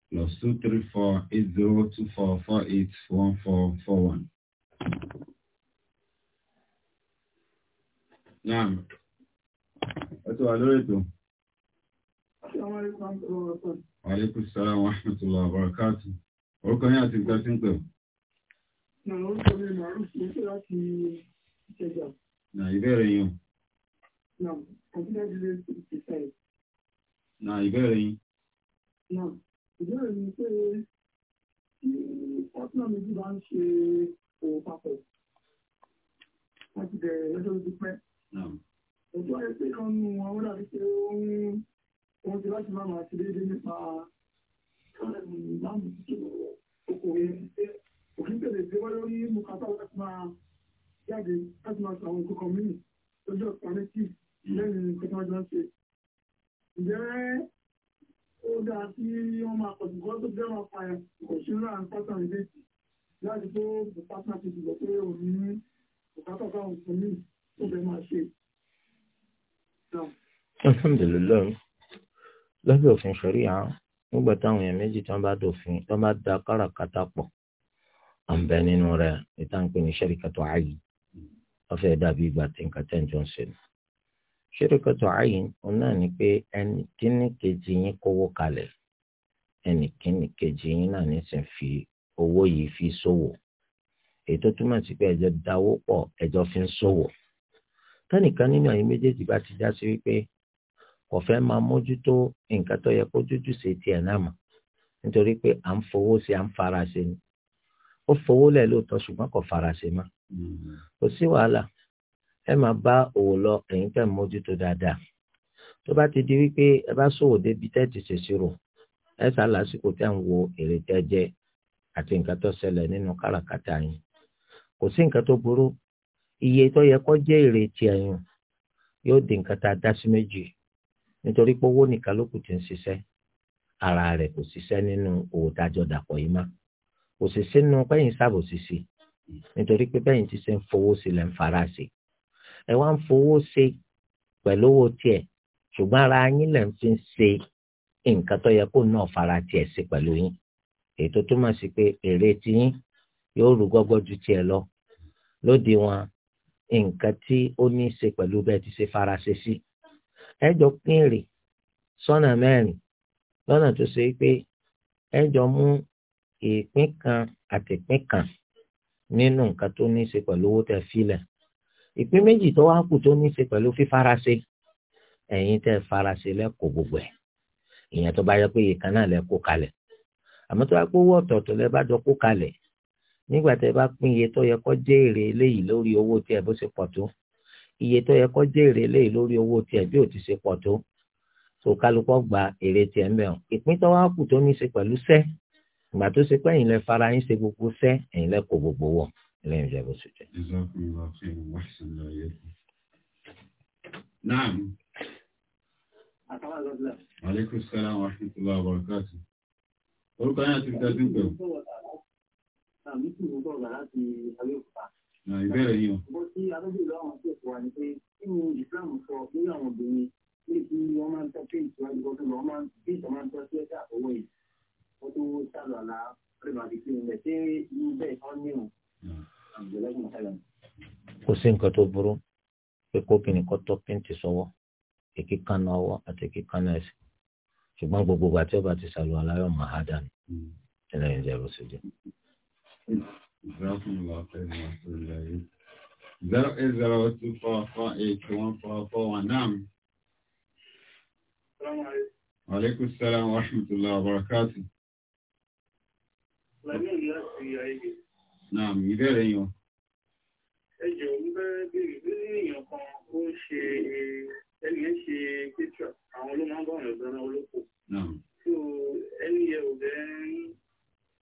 plus two three four eight zero two four four eight one four four one. Naam. Ẹ tó wà lórí ètò. Ṣé wọ́n rí kan tó Aleykum salaam wa rahmatullahi wa barakatuh. Orúkọ yín àti ìgbà tí ń pẹ̀. Nà Ọjọ́ ẹgbẹ́ kan nù wọn ó dàbí pé ó ń ohun tí láti máa máa ṣe déédéé nípa um, ìmáàmù tó okòwò òfin tẹ̀lé tí wọ́n lórí mùkátà láti máa jáde láti máa ṣàwọn nǹkan kan mìíràn lójú ọ̀pánẹ́tì lẹ́yìn nǹkan tí wọ́n jọ ń ṣe. ǹjẹ́ ó dáa tí wọ́n máa pọ̀ jù kọ́tò bí wọ́n pa òṣèlú à ń pátá ìrètí láti tó bùkátà ti dùgbọ̀ pé òun ní bùkátà káwọn nǹkan mìíràn tó fẹ́ máa ṣe. alhamdulilayi lábẹ́ òfin ṣẹ̀rí à nígbà táwọn èèyàn méjì tí wọ́n bá dòfin tí wọ́n bá da káràkátà pọ̀ à ń bẹ nínú rẹ̀ níta ń pè ní ṣẹ́ríkàtọ̀ ààyè wọ́n fẹ́ dàbí ìgbà tí nǹkan tẹ̀ ń jọ ń ṣe ni. ṣẹ́ríkàtọ̀ ààyè òun náà ni pé ẹni kíní kejì yín kówó kalẹ̀ ẹni kíní kejì yín náà ní sìn fi owó yìí fi ṣòwò èyí tó túmọ̀ sí pé ẹjọ́ dáwó pọ̀ ẹjọ́ fi ń ṣòwò tẹ́nìkan nínú àyè méjèèjì bá ti já sí wípé kò fẹ́ máa mójútó nǹkan tó yẹ kó jújù ṣe tiẹ̀ náà mọ̀ nítorí pé à ń fowó sí à ń fara ṣe ni ó fowó lẹ̀ lóòótọ́ ṣùgbọ́n kò fara ṣe mọ́ kò sí wàhálà ẹ máa bá òwò lọ ẹ̀yin tẹ̀ mójútó dáadáa tó bá ti di wípé ẹ bá ṣòwò débi tẹ́ẹ̀tì ṣèṣirò ẹ sá lásìkò tẹ́ ń wo èrè tẹ́ àti nǹkan tó ṣẹlẹ̀ nínú káràkátà yín kò sí nǹkan tó burú iye tó yẹ kó jẹ́ èrè tiẹ̀ yín yóò di nǹkan tá a dá sí méjì nítorí pé owó nìkan ló kù ti ń ṣiṣẹ́ ara rẹ̀ kò ṣiṣẹ́ nínú òwò tájọ dàpọ̀ yìí má kò sì sínú pẹ́yìn sábò ṣiṣì nítorí pé pẹ́yìn ti ṣe ń fowó sílẹ̀ ń fara sí ẹ wá ń fowó ṣe pẹ̀lú owó tiẹ̀ ṣùgbọ́n ara yín lẹ̀ ń fi ṣe nǹkan tó yẹ kó náà fara tiẹ̀ sí pẹ̀lú yín ètò túmọ̀ sí pé èrè tiyín yóò rú gọ́gọ́ ju tiẹ̀ lọ lóde wọn nǹkan tí ó ní í ṣe pẹ̀lú bẹ́ẹ̀ ti ṣe fara ṣe sí. Si ẹ jọ pín èrè sọ́nà mẹ́rin lọ́nà tó ṣe pé ẹ jọ mú ìpín kan àtìpín kan nínú nǹkan tó ní í ṣe pẹ̀lú owó tẹ́ filẹ̀ ìpín méjì tó wá kù tó ní í ṣe pẹ̀lú fífarasé ẹ̀yin tẹ́ farasé lẹ́kọ̀ọ́ gbogbo ẹ̀ ìyẹn tó bá yẹ pé ìkan náà lẹ kó kalẹ̀ àmọ́ tó bá pé owó ọ̀tọ̀ọ̀tọ̀ lẹ bá jọ kó kalẹ̀ nígbà tẹ́ bá pín iye tó yẹ kó jẹ́ èrè eléyìí lórí owó tí bó ṣe pọ̀ tó iye tó yẹ kó jẹ́ èrè léyìí lórí owó tiẹ̀ bí ò ti ṣe pọ̀ tó tó kálukọ́ gba èrè tiẹ̀ ń bẹ̀ hàn ìpín tó wá kù tó ní í ṣe pẹ̀lú sẹ́ ìgbà tó ṣe pé ẹ̀yin lẹ fara yín ṣe gbogbo sẹ́ ẹ̀yin lẹ kó gbogbo wọ̀ lẹ́yìn ìjọba oṣù jẹ. Naam. Orúkọ yẹn àti ìtẹ́sí ń pẹ̀lú ìbéèrè yìí o. mo ti abẹ́jọ́ ìlú àwọn tó wà ní pé kí ni ìsìlámù sọ lórí àwọn obìnrin ní kí wọ́n máa ń tọ́ pé ìtìwájú ọdún lọ wọ́n máa ń bí ìtọ́ máa ń tọ́ sí ẹ̀ka owó yìí wọ́n tó sálọ àlá pẹ̀lú àdìsí ilẹ̀ ṣé irú bẹ́ẹ̀ kán ní o àgbẹ̀lẹ́gùn sálọ. kò sí nǹkan tó burú pé kóbìnrin kan tọ́ pẹ́ǹtì sọ́wọ́ èkì kánà ọwọ́ àti èkì kánà ẹsẹ̀ ṣùgbọ́n gbogbo àti ọba ti sàlù aláyọ̀ màá dànù hmm. ẹlẹ́yin jẹ́ bó ṣe jẹ́. Hmm. Jazakumullah khairan Rasulullah. Zero eight zero two four four eight one four four one. Naam. Aleykum salaam wa rahmatullahi wa barakatuh. Lẹ́mí ìlú láti Ayébi. Naam, ìbéèrè yín o. Ẹ jẹ́ òun bẹ́ẹ̀ bí ìbílẹ̀ èèyàn kan ó ṣe ẹni ẹ ṣe pétrọ̀ àwọn ló máa ọ̀nà ìdáná olóko. Naam. So ẹni yẹ ò bẹ́ẹ̀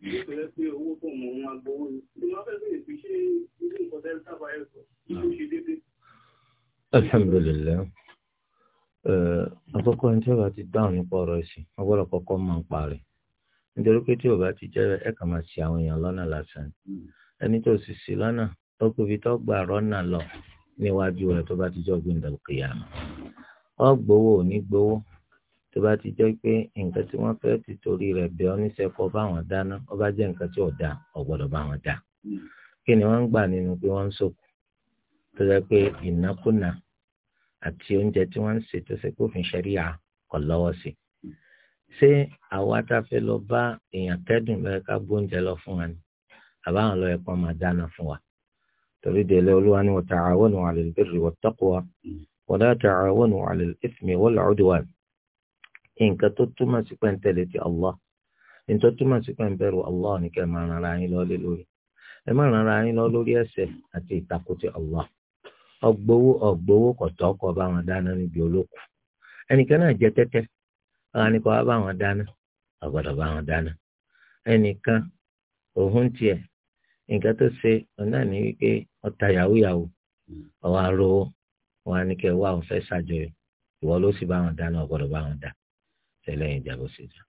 tó yẹ pé owó tó mọ̀ wọn ṣe àkọ́kọ́ ní tí ọba ti dáhùn nípa ọ̀rọ̀ ẹ̀sìn ọgbọ́dọ̀ kọ́kọ́ máa ń parí nítorí pé ọba ti jẹ́ ẹ̀ máa ṣe àwọn èèyàn lọ́nà lásán ẹni tó sì sí lọ́nà tó lọ níwájú rẹ̀ tó bá ti ò ní tó bá ti jẹ́ pé nǹkan tí wọ́n fẹ́ ti torí rẹ̀ bẹ́ẹ̀ oníṣẹ́ kọ́ bá wọn dáná ó bá jẹ́ nǹkan tí ò da ò gbọ́dọ̀ bá wọn dá kí ni wọ́n ń gbà nínú pé wọ́n ń sòkò tó jẹ́ pé ìnákúnà àti oúnjẹ tí wọ́n ń ṣe tó ṣe kófin ṣẹ́ríà kọ̀ lọ́wọ́ sí ṣé àwa tá lọ bá èèyàn kẹ́dùn lọ́yẹ ká gbóúnjẹ lọ fún wa ni àbáwọn lọ́yẹ kan máa dáná fún wa torí délé olúwa ni nǹkan tó túmọ̀ sí pé ń tẹ̀lé ti Allah nǹkan tó túmọ̀ sí pé Allah máa ara yín lọ lórí ẹ lórí ẹsẹ̀ àti ti Allah ọgbowó ọgbowó kọ̀tọ́ bá wọn dáná níbi olókùn ẹnìkan náà jẹ tẹ́tẹ́ ni bá wọn dáná ọ̀gbọ́dọ̀ bá wọn dáná ẹnìkan òun tiẹ̀ nǹkan tó ṣe ọ̀nà ní wípé yahoo yahoo ọ̀wá wọn á eléyìí ìjà bó ṣe jẹ.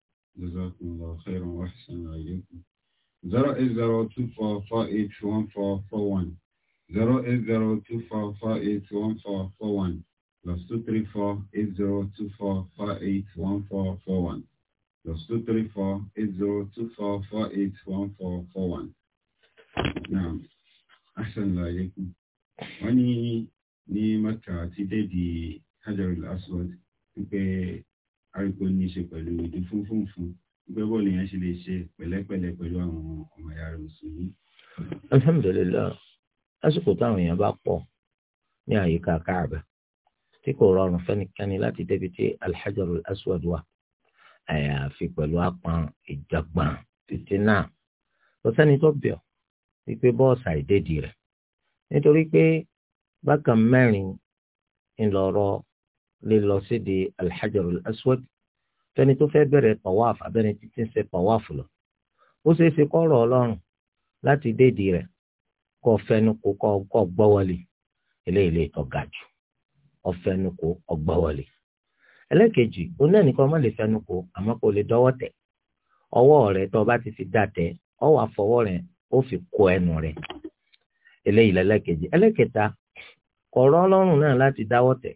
zero eight zero two four four eight one four four one zero eight zero two four four eight one four four one plus two three four eight zero two four four eight one four four one plus two three four eight zero two four four eight one four four one. Now, Assalamu alaikum. Wọ́n ní ní ti dé di Hajar al-Aswad àríkò ní í ṣe pẹ̀lú ìdí fúnfún fún gbé bọ́ọ̀lù yẹn ṣe lè ṣe pẹ̀lẹ́pẹ̀lẹ́ pẹ̀lú àwọn ọmọ ìyá rẹ̀ mùsùlùmí. alhamdulilayi lásìkò táwọn èèyàn bá pọ̀ ní àyíká káàbà tí kò rọrùn fẹ́nikẹ́ni láti débi tí alhajarul aswad wà àyàfi pẹ̀lú apọn ìjàgbọ̀n títí náà kò sẹ́ni tó bẹ̀ wípé bọ́ọ̀sà ìdédìí rẹ̀ nítorí pé bákan mẹ́rin ńlọrọ̀ lílọ sídìí alhajarul aswad fẹ́ni tó fẹ́ bẹ̀rẹ̀ tawaf abẹ́ni títí ń ṣe tawaf lọ ó ṣeé ṣe kọ́ ọ̀rọ̀ ọlọ́run láti déèdì rẹ̀ kọ́ fẹ́nukò kọ́ gbọ́wọ́lì eléyìí tó ga jù ọ̀fẹ́nukò ọgbọ́wọ́lì. ẹlẹ́kejì òun náà nìkan má lè fẹ́nukò àmọ́ kò lè dọ́wọ́ tẹ̀ ọwọ́ rẹ̀ tó bá ti fi dà tẹ̀ ọwọ́ àfọwọ́ rẹ̀ ó fi kó ẹnu rẹ̀ eléyìí lẹ́lẹ́kejì ẹlẹ́kẹta kọ̀ọ̀rọ̀ ọlọ́run náà láti dáwọ́ tẹ̀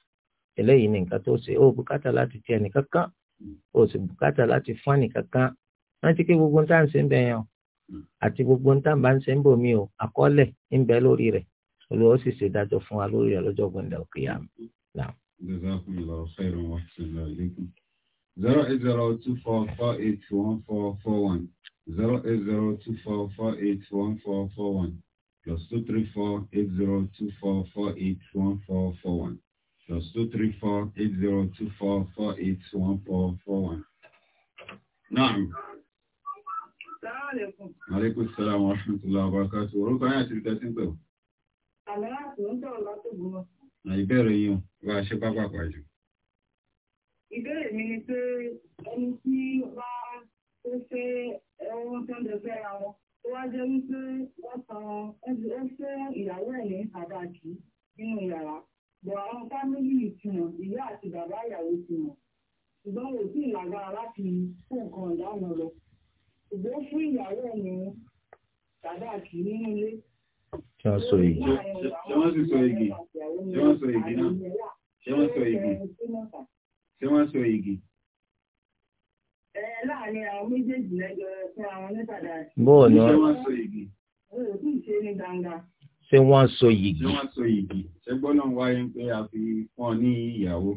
eléyìí ni nǹkan tó ṣe ó bùkátà láti tiẹ̀ nìkankan ó sì bùkátà láti fún nìkankan rántí pé gbogbo nǹkan ṣe ń bẹ yẹn o àti gbogbo nǹkan bá ń ṣe ń bò mí o àkọọ́lẹ̀ ń bẹ lórí rẹ̀ olùwọ́ sì ṣe dájọ́ fún wa lórí rẹ̀ lọ́jọ́ gbọ̀ndà òkè yá mi. zero eight zero two four four eight one four four one zero eight zero two four four eight one four four one plus two three four eight zero two four four eight one four four one plus two three four eight zero two four four eight one four four one. Naam. Aleykum salaam wa rahmatullahi wa barakatuh. Orúkọ ayé àti ìdásí ń pè ọ́. Àlẹ́ àti ń sọ̀rọ̀ látògbò wọn. Ìbéèrè yín o, bá a ṣe pápá pàjù. Ìbéèrè mi ni pé ẹni tí wá ó fẹ́ ẹwọ́n tó ń dẹ̀fẹ́ ra wọn, ó wá jẹ́ wípé wọ́n tan ó ìyàwó ẹ̀ ní àdáàkì nínú yàrá. bọ̀ àwọn fámìlì ti ìyá àti bàbá ìyàwó ti ṣùgbọ́n kò sí ìlágbára láti kó nǹkan ìdáná lọ ṣùgbọ́n fún ìyàwó ọ̀nà tàbí àti nínú ilé. ṣé wọ́n sọ igi ṣé wọ́n sọ igi ṣé wọ́n sọ igi náà ṣé wọ́n sọ igi ṣé wọ́n sọ igi. láàárín àwọn méjèèjì fún àwọn ni ṣé wọ́n sọ igi. ṣé wọ́n sọ yìgì. ṣé wọ́n sọ yìgì ṣẹ́gbọ́n náà wáyé ń pé a fi fún ọ ní ìyàwó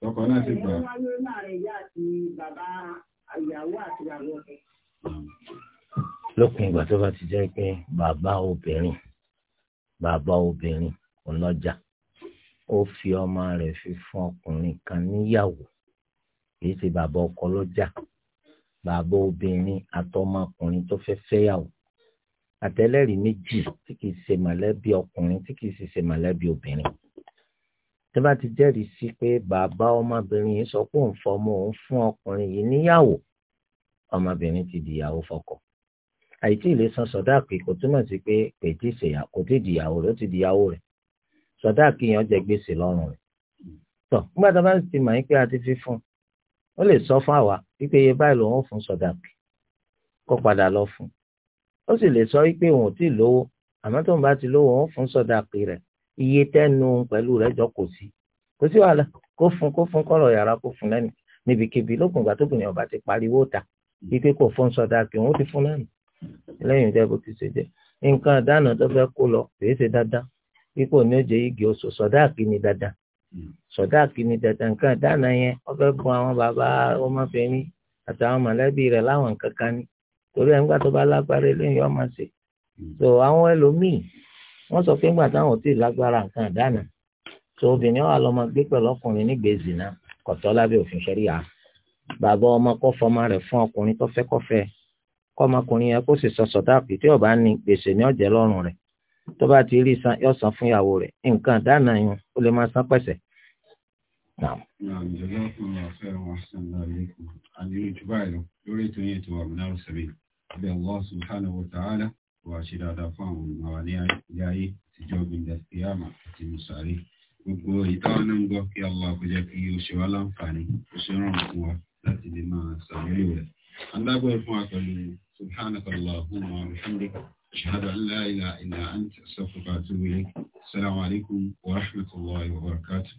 tọkọ náà sì gbà. ẹ̀rọ wáyé láàrin ìyá àti bàbá ìyàwó àti ìyàwó ọ̀fẹ́. lópin ìgbà tó bá ti jẹ́ pé bàbá obìnrin bàbá obìnrin ọlọ́jà ó fi ọmọ rẹ̀ fi fún ọkùnrin kan níyàwó kì í ṣe bàbá ọkọ lọ́jà bàbá obìnrin àtọmọkùnrin tó fẹ́ fẹ́yàwó àtẹlẹ́rìí méjì tí kìí ṣe mọ̀lẹ́bí ọkùnrin tí kìí sì ṣe mọ̀lẹ́bí obìnrin tí bá ti jẹ́rìí sí pé bàbá ọmọbìnrin yìí sọ pé òun fọmọ òun fún ọkùnrin yìí níyàwó ọmọbìnrin ti dìyàwó fọkọ àìtí ilé san sọdáàkì kò túmọ̀ sí pé kò tí ì dìyàwó rẹ̀ ó ti dìyàwó rẹ̀ sọdáàkì yẹn jẹ gbèsè lọ́rùn rẹ̀ tọ̀ nígbà tó bá ti mọ̀ pé a ti fi fún un ó lè sọ fún àwa wípé iye báyìí lòun ò fún sọdáàkì kó padà lọ fún un ó sì lè sọ pé òun ò tí ì lówó àmọ́ tóun bá ti lówó òun fún sọ̀dà pé rẹ̀ iye tẹ́nu pẹ̀lú rẹ̀ jọ kò sí kò sí wàhálà kó fún kó fún kọ́rọ̀ yàrá kó fún lẹ́nu níbikíbi lókun ìgbà tó bìnrin ọba ti pariwo ta wípé kò fún sọ̀dà pé òun ti fún lẹ́nu lẹ́yìn ìjẹ́ bó ti ṣe jẹ́ nǹkan àdánà tó fẹ́ kó lọ kì í ṣe dáadáa pípò ní oúnjẹ igi oṣù sọ̀dà kì ní dáadáa sọ̀dà kì ní dáadáa nǹkan àdánà yẹn wọ́n fẹ́ bùn àwọn bàbá ọmọbìnrin àtàwọn mọ̀lẹ́bí rẹ̀ láwọn nǹkan kan ní torí ẹ̀ ńgbà tó bá lágbára eléyìí ọmọ sí so àwọn ẹlòmíì wọ́n sọ pé ńgbà táwọn ò tí ì lágbára nǹkan àdáná so obìnrin wa lọ́mọ gbé pẹ̀lú ọkùnrin nígbèé zina kọ̀tọ́ lábẹ́ òfin ṣẹ́ríà bàbá ọmọ kọ́ fọmọ rẹ̀ fún ọkùnrin tó fẹ́ kọ́ fẹ́ kọ́mọkùnrin yẹn kó sì sọ sọ̀dá pé tí ọba ní gbèsè ní ọ̀jẹ̀ lọ́rùn rẹ̀ tó bá ti rí san yọ san fún ìyàwó rẹ̀ nǹkan àdáná yẹn ó lè máa san pẹ̀sẹ̀. Àlejò báyìí lórí ètò yẹn tó wà ní àrùsẹ̀bí àbí Allah subhanahu wa ta'ala wà ṣe dáadáa fún àwọn olùmọ̀wà ní ayé ìjọ gbìndẹ̀ kíyàmà àti mùsàrí gbogbo ìtawà náà ń gbọ́ kí Allah kó jẹ́ kí ó ṣe wá láǹfààní ó ṣe ràn fún wa láti lè máa sàmúlò rẹ̀. alágbèrè fún àpẹẹrẹ subhanaka Allahumma wa bihamdika ashhadu an la ilaha illa anta astaghfiruka wa atubu ilayk alaykum wa rahmatullahi wa barakatuh.